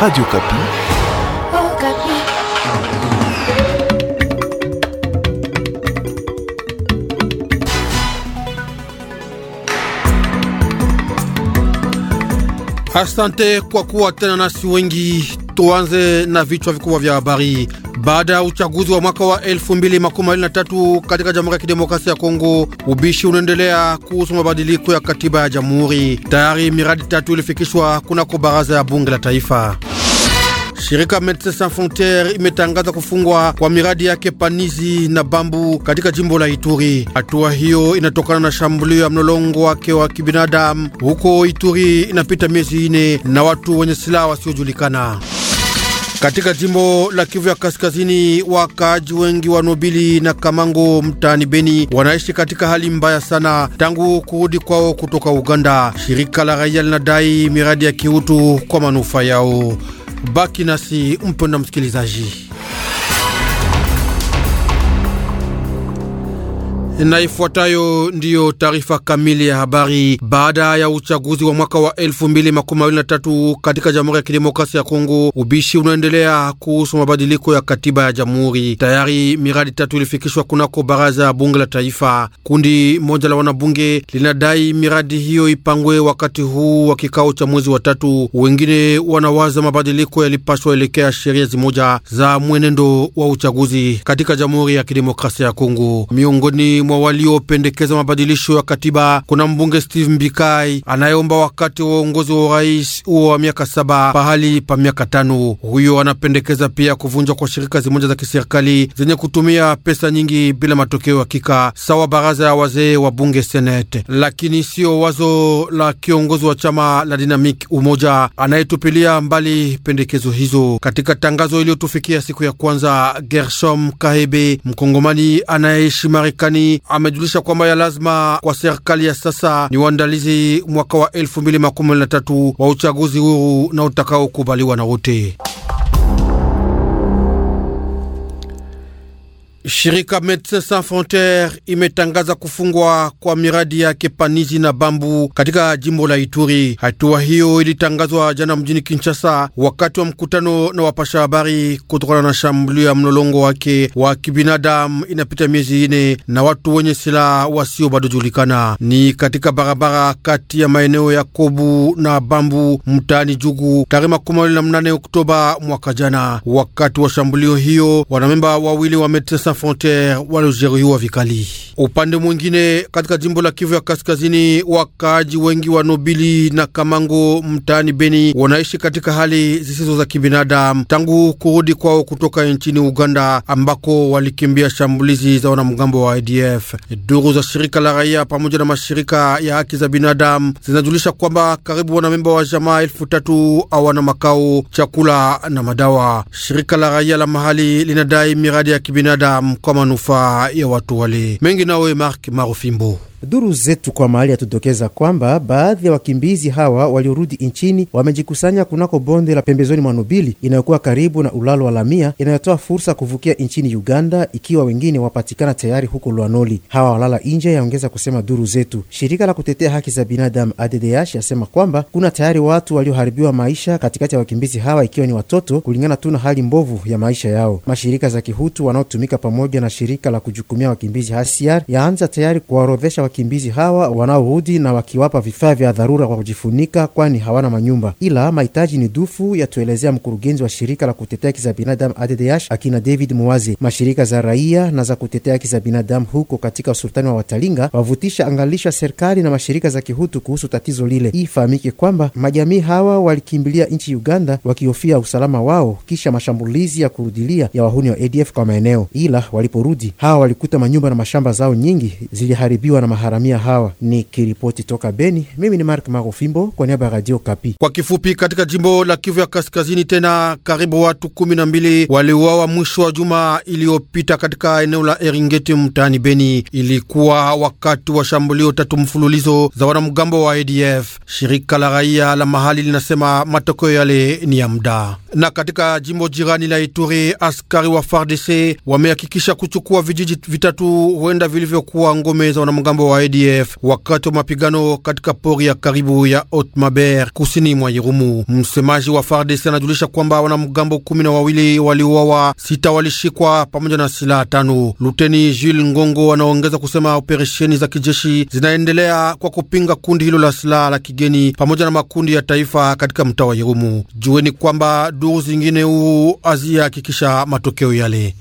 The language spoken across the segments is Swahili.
Radio Kapi. Oh, Kapi. Asante kwa kuwa tena nasi wengi Tuanze na vichwa vikubwa vya habari. Baada ya uchaguzi wa mwaka wa 2023 katika Jamhuri ya Kidemokrasia ya Kongo, ubishi unaendelea kuhusu mabadiliko ya katiba ya jamhuri. Tayari miradi tatu ilifikishwa kunako baraza ya bunge la taifa. Shirika Medecins Sans Frontieres imetangaza kufungwa kwa miradi yake Panizi na Bambu katika jimbo la Ituri. Hatua hiyo inatokana na shambulio ya mlolongo wake wa kibinadamu huko Ituri. Inapita miezi ine na watu wenye silaha wasiojulikana katika jimbo la Kivu ya Kaskazini, wakaaji wengi wa Nobili na Kamango mtaani Beni wanaishi katika hali mbaya sana tangu kurudi kwao kutoka Uganda. Shirika la raia linadai miradi ya kiutu kwa manufaa yao. Baki nasi mpenda msikilizaji. Na ifuatayo ndiyo taarifa kamili ya habari. Baada ya uchaguzi wa mwaka wa tatu katika Jamhuri ya Kidemokrasia ya Kongo, ubishi unaendelea kuhusu mabadiliko ya katiba ya jamhuri. Tayari miradi tatu ilifikishwa kunako baraza ya bunge la taifa. Kundi moja la wanabunge linadai miradi hiyo ipangwe wakati huu wa kikao cha mwezi wa tatu. Wengine wanawaza mabadiliko yalipaswa elekea sheria zimoja za mwenendo wa uchaguzi katika Jamhuri ya Kidemokrasia ya Kongo miongoni mwa waliopendekeza mabadilisho ya katiba kuna mbunge Steve Mbikai anayeomba wakati wa uongozi wa urais huo wa miaka saba pahali pa miaka tano. Huyo anapendekeza pia kuvunjwa kwa shirika zimoja za kiserikali zenye kutumia pesa nyingi bila matokeo hakika, sawa baraza ya wazee wa bunge Senete, lakini siyo wazo la kiongozi wa chama la Dynamic Umoja anayetupilia mbali pendekezo hizo. Katika tangazo iliyotufikia siku ya kwanza, Gershom Kahebe, mkongomani anayeishi Marekani amejulisha kwamba ya lazima kwa serikali ya sasa ni uandalizi mwaka wa 2013 wa uchaguzi huru na utakaokubaliwa na wote. Shirika Medecins Sans Frontieres imetangaza kufungwa kwa miradi yake Panizi na Bambu katika jimbo la Ituri. Hatua hiyo ilitangazwa jana mjini Kinshasa wakati wa mkutano na wapasha habari, kutokana na shambulio ya mlolongo wake wa kibinadamu inapita miezi ine na watu wenye silaha wasio bado julikana. Ni katika barabara kati ya maeneo ya Kobu na Bambu mtaani Jugu tarehe makumi mawili na mnane Oktoba mwaka jana. Wakati wa shambulio hiyo wanamemba wawili wa Medecins la frontière Walogério avec Upande mwingine, katika jimbo la Kivu ya Kaskazini, wakaaji wengi wa Nobili na Kamango mtaani Beni wanaishi katika hali zisizo za kibinadamu tangu kurudi kwao kutoka nchini Uganda ambako walikimbia shambulizi za wanamgambo wa ADF. Duru za shirika la raia pamoja na mashirika ya haki za binadamu zinajulisha kwamba karibu wanamemba wa jamaa elfu tatu hawana makao, chakula na madawa. Shirika la raia la mahali linadai miradi ya kibinadamu kwa manufaa ya watu wale mengi Naoué Marc Mark Marofimbo. Duru zetu kwa mahali yatudokeza kwamba baadhi ya wakimbizi hawa waliorudi nchini wamejikusanya kunako bonde la pembezoni mwa Nobili inayokuwa karibu na ulalo wa Lamia inayotoa fursa kuvukia nchini Uganda, ikiwa wengine wapatikana tayari huko Lwanoli. Hawa walala nje, yaongeza kusema duru zetu. Shirika la kutetea haki za binadamu ADDH yasema kwamba kuna tayari watu walioharibiwa maisha katikati ya wakimbizi hawa, ikiwa ni watoto, kulingana tu na hali mbovu ya maisha yao. Mashirika za kihutu wanaotumika pamoja na shirika la kujukumia wakimbizi HCR yaanza tayari kuwaorodhesha wakimbizi hawa wanaohudi na wakiwapa vifaa vya dharura kwa kujifunika, kwani hawana manyumba, ila mahitaji ni dufu, yatuelezea mkurugenzi wa shirika la kutetea haki za binadamu ADDH akina David Muwazi. Mashirika za raia na za kutetea haki za binadamu huko katika usultani wa Watalinga wavutisha angalisha serikali na mashirika za kihutu kuhusu tatizo lile. Ifahamike kwamba majamii hawa walikimbilia nchi Uganda wakihofia usalama wao kisha mashambulizi ya kurudilia ya wahuni wa ADF kwa maeneo, ila waliporudi hawa walikuta manyumba na mashamba zao nyingi ziliharibiwa na maharamia hawa. Ni kiripoti toka Beni, mimi ni Mark Marofimbo kwa niaba ya Radio Kapi. Kwa kifupi, katika jimbo la Kivu ya Kaskazini tena karibu watu kumi na mbili waliuawa mwisho wa juma iliyopita katika eneo la Eringeti mtaani Beni. Ilikuwa wakati wa shambulio tatu mfululizo za wanamgambo wa ADF. Shirika la raia la mahali linasema matokeo yale ni ya muda. Na katika jimbo jirani la Ituri, askari wa FARDC wamehakikisha kuchukua vijiji vitatu huenda vilivyokuwa ngome za wanamgambo wa ADF wakati wa mapigano katika pori ya karibu ya Otmaber kusini mwa Irumu. Msemaji wa FARDC anajulisha kwamba wanamgambo kumi na wawili waliuawa, sita walishikwa pamoja na silaha tano. Luteni Jules Ngongo anaongeza kusema operesheni za kijeshi zinaendelea kwa kupinga kundi hilo la silaha la kigeni pamoja na makundi ya taifa katika mtaa wa Irumu. Jueni kwamba duru zingine huu hazihakikisha matokeo yale.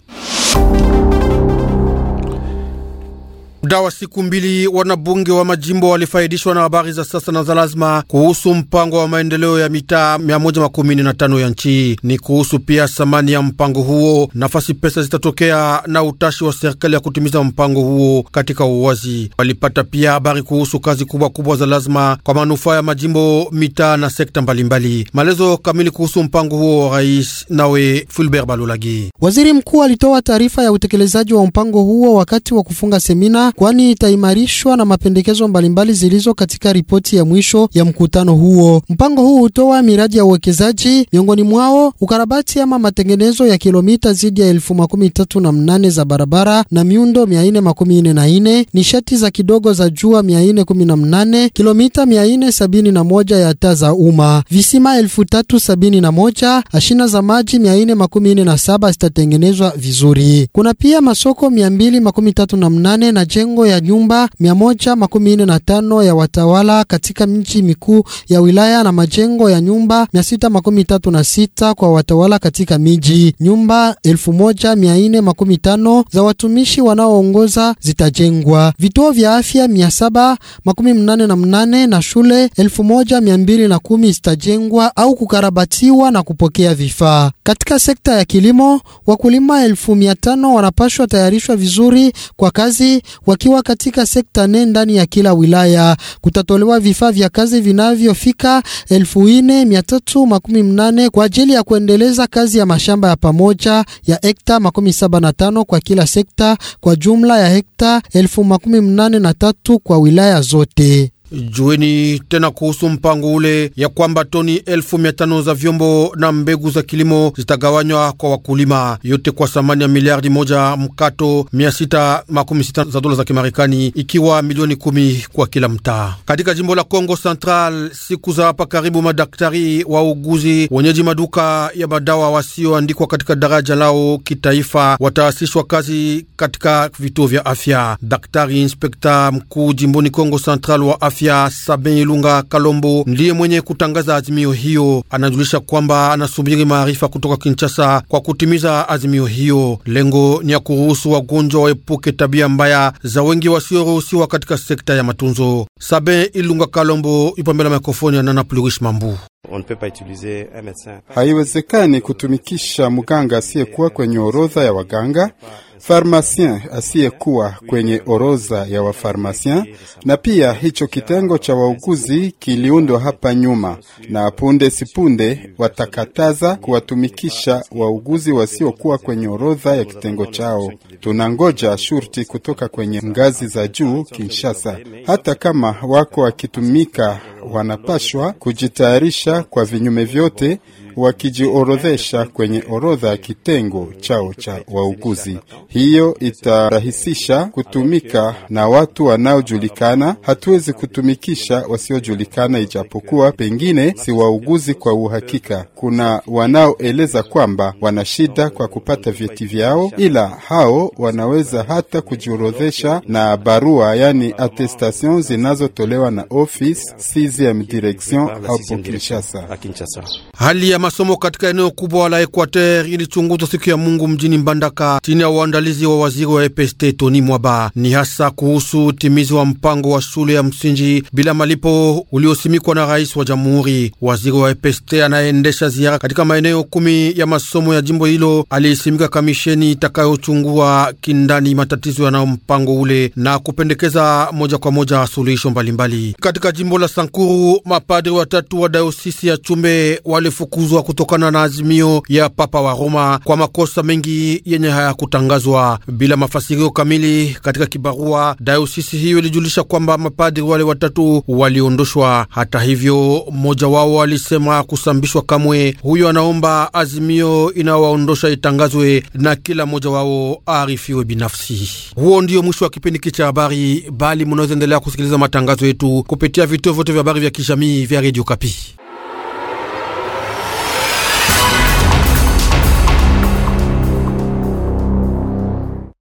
Muda wa siku mbili wanabunge wa majimbo walifaidishwa na habari za sasa na za lazima kuhusu mpango wa maendeleo ya mitaa 115 ya nchi. Ni kuhusu pia thamani ya mpango huo, nafasi pesa zitatokea na utashi wa serikali ya kutimiza mpango huo katika uwazi. Walipata pia habari kuhusu kazi kubwa kubwa za lazima kwa manufaa ya majimbo, mitaa na sekta mbalimbali. Maelezo kamili kuhusu mpango huo wa rais nawe Fulbert balulagi Waziri mkuu alitoa taarifa ya utekelezaji wa mpango huo wakati wa kufunga semina kwani itaimarishwa na mapendekezo mbalimbali zilizo katika ripoti ya mwisho ya mkutano huo. Mpango huu hutoa miradi ya uwekezaji, miongoni mwao ukarabati ama matengenezo ya kilomita zidi ya elfu makumi tatu na mnane za barabara na miundo mia nne makumi nne na nne, nishati za kidogo za jua mia nne kumi na mnane, kilomita mia nne sabini na moja ya taa za umma, visima elfu tatu sabini na moja, ashina za maji mia nne makumi nne na saba zitatengenezwa vizuri. Kuna pia masoko mia mbili makumi tatu na mnane na jengo majengo ya nyumba 145 ya watawala katika mji mikuu ya wilaya na majengo ya nyumba 636 kwa watawala katika miji. Nyumba 1415 za watumishi wanaoongoza zitajengwa, vituo vya afya 788 na shule 1210 zitajengwa au kukarabatiwa na kupokea vifaa. Katika sekta ya kilimo, wakulima 1500 wanapashwa tayarishwa vizuri kwa kazi wa wakiwa katika sekta nne ndani ya kila wilaya. Kutatolewa vifaa vya kazi vinavyofika 4318 kwa ajili ya kuendeleza kazi ya mashamba ya pamoja ya hekta 75 kwa kila sekta, kwa jumla ya hekta 1083 kwa wilaya zote. Jueni tena kuhusu mpango ule ya kwamba toni elfu mia tano za vyombo na mbegu za kilimo zitagawanywa kwa wakulima, yote kwa thamani ya miliardi moja mkato mia sita makumi sita za dola za Kimarekani, ikiwa milioni kumi kwa kila mtaa. Katika jimbo la Kongo Central, siku za hapa karibu, madaktari wa uguzi wenyeji maduka ya madawa wasioandikwa katika daraja lao kitaifa wataasishwa kazi katika vituo vya afya. Daktari inspekta mkuu jimboni Kongo Central wa afya Demokrasia Sabin Ilunga Kalombo ndiye mwenye kutangaza azimio hiyo. Anajulisha kwamba anasubiri maarifa kutoka Kinshasa kwa kutimiza azimio hiyo. Lengo ni ya kuruhusu wagonjwa waepuke tabia mbaya za wengi wasioruhusiwa katika sekta ya matunzo. Sabin Ilunga Kalombo yupo mbele ya mikrofoni ya Nana Plurish Mambu. Haiwezekani kutumikisha mganga asiyekuwa kwenye orodha ya waganga, farmasien asiyekuwa kwenye orodha ya wafarmasien, na pia hicho kitengo cha wauguzi kiliundwa hapa nyuma, na punde sipunde watakataza kuwatumikisha wauguzi wasiokuwa kwenye orodha ya kitengo chao. Tunangoja shurti kutoka kwenye ngazi za juu Kinshasa, hata kama wako wakitumika wanapashwa kujitayarisha kwa vinyume vyote wakijiorodhesha kwenye orodha ya kitengo chao cha wauguzi. Hiyo itarahisisha kutumika na watu wanaojulikana. Hatuwezi kutumikisha wasiojulikana, ijapokuwa pengine si wauguzi kwa uhakika. Kuna wanaoeleza kwamba wana shida kwa kupata vyeti vyao, ila hao wanaweza hata kujiorodhesha na barua, yani attestation zinazotolewa na office 6 direction hapo Kinshasa masomo katika eneo kubwa la Equateur ilichunguzwa siku ya Mungu mjini Mbandaka chini ya uandalizi wa waziri wa EPST Tony Mwaba. Ni hasa kuhusu utimizi wa mpango wa shule ya msingi bila malipo uliosimikwa na rais wa jamhuri. Waziri wa EPST anayeendesha ziara katika maeneo kumi ya masomo ya jimbo hilo aliisimika kamisheni itakayochungua kindani matatizo yanayo mpango ule na kupendekeza moja kwa moja suluhisho mbalimbali. Katika jimbo la Sankuru, mapadri watatu wa dayosisi ya Chumbe walifukuzwa kutangazwa kutokana na azimio ya Papa wa Roma kwa makosa mengi yenye hayakutangazwa bila mafasirio kamili katika kibarua. Dayosisi hiyo ilijulisha kwamba mapadri wale watatu waliondoshwa. Hata hivyo, mmoja wao alisema kusambishwa kamwe. Huyo anaomba azimio inawaondosha itangazwe na kila mmoja wao aarifiwe binafsi. Huo ndiyo mwisho wa kipindi hiki cha habari, bali munaweza endelea kusikiliza matangazo yetu kupitia vituo vyote vya habari vya kijamii vya Radio Kapi.